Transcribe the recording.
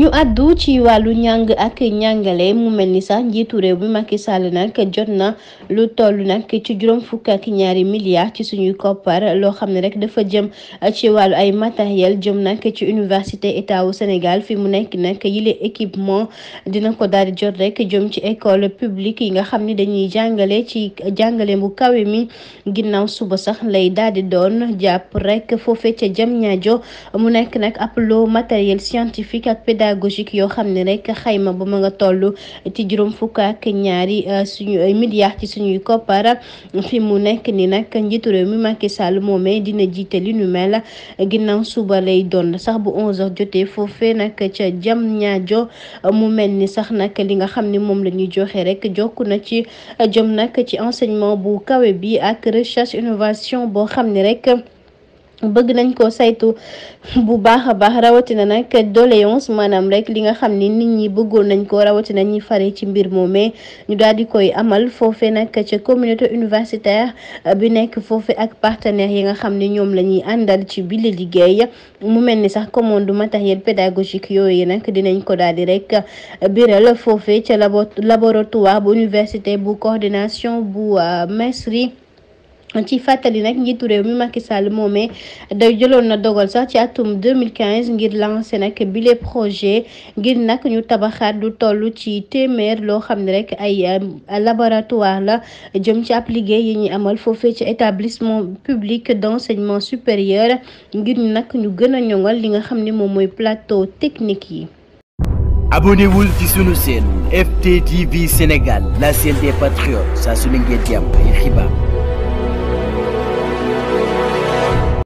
ñu àddu ci wàllu njàng ak njàngale mu mel ni sax njiitu réew bi Macky sàll nag jot na lu toll nag ci juróom fukk ak ñaari milliards ci suñuy koppar loo xam ne rek dafa jëm ci wàllu ay matériel jëm nag ci université état wu Sénégal fi mu nekk nag yile équipement dina ko daal di jot rek jëm ci école publique yi nga xam ni dañuy jàngale ci jàngale bu kawe mi ginnaaw suba sax lay daal di doon jàpp rek foofee ca jëm ñaajo mu nekk nag ab loo scientifique ak pédagogique pédagogique yoo xam ne rek xayma ba ma nga toll ci juróom fukk ak ñaari euh, suñu euh, milliards ci suñuy koppar fi mu nekk ni nag njiitu réew mi Macky Sall moomee dina jiite li nu mel ginnaaw suba lay doon sax bu 11h jotee foofee nag ca jam ñaajo mu mel ni sax nag li nga xam ni moom la ñuy joxe rek jokk na ci jom nag ci enseignement bu kawe bi ak recherche innovation boo xam ne rek bëgg nañ ko saytu bu baax a baax rawatina nag doléance maanaam rek li nga xam ni nit ñi bëggoon nañ ko rawatina ñi fare ci mbir moomee ñu daal di koy amal foofe nag ca communauté universitaire bi nekk foofe ak partenaires yi nga xam ni ñoom la ñuy àndal ci bile liggéey mu mel ni sax commande matériel pédagogique yooyu nag dinañ ko daal di rek biral foofe ca laboratoire bu université bu coordination bu euh, mesri ci fàttali nag njiitu rew mi Macky Sall moomee da jëloon na dogal sax ci atum 2015 ngir lancé nag bile projet ngir nak ñu tabaxat du tollu ci témèr lo xamné rek ay euh, laboratoire la jëm ci ab yi ñi amal fofé ci établissement public d'enseignement supérieur ngir nak ñu gëna ñongal li nga xamné mom moy plateau technique yi. abonnez-vous ci sunu chaîne FTTV Sénégal la chaîne des patriotes saa su ne ngeen jàmm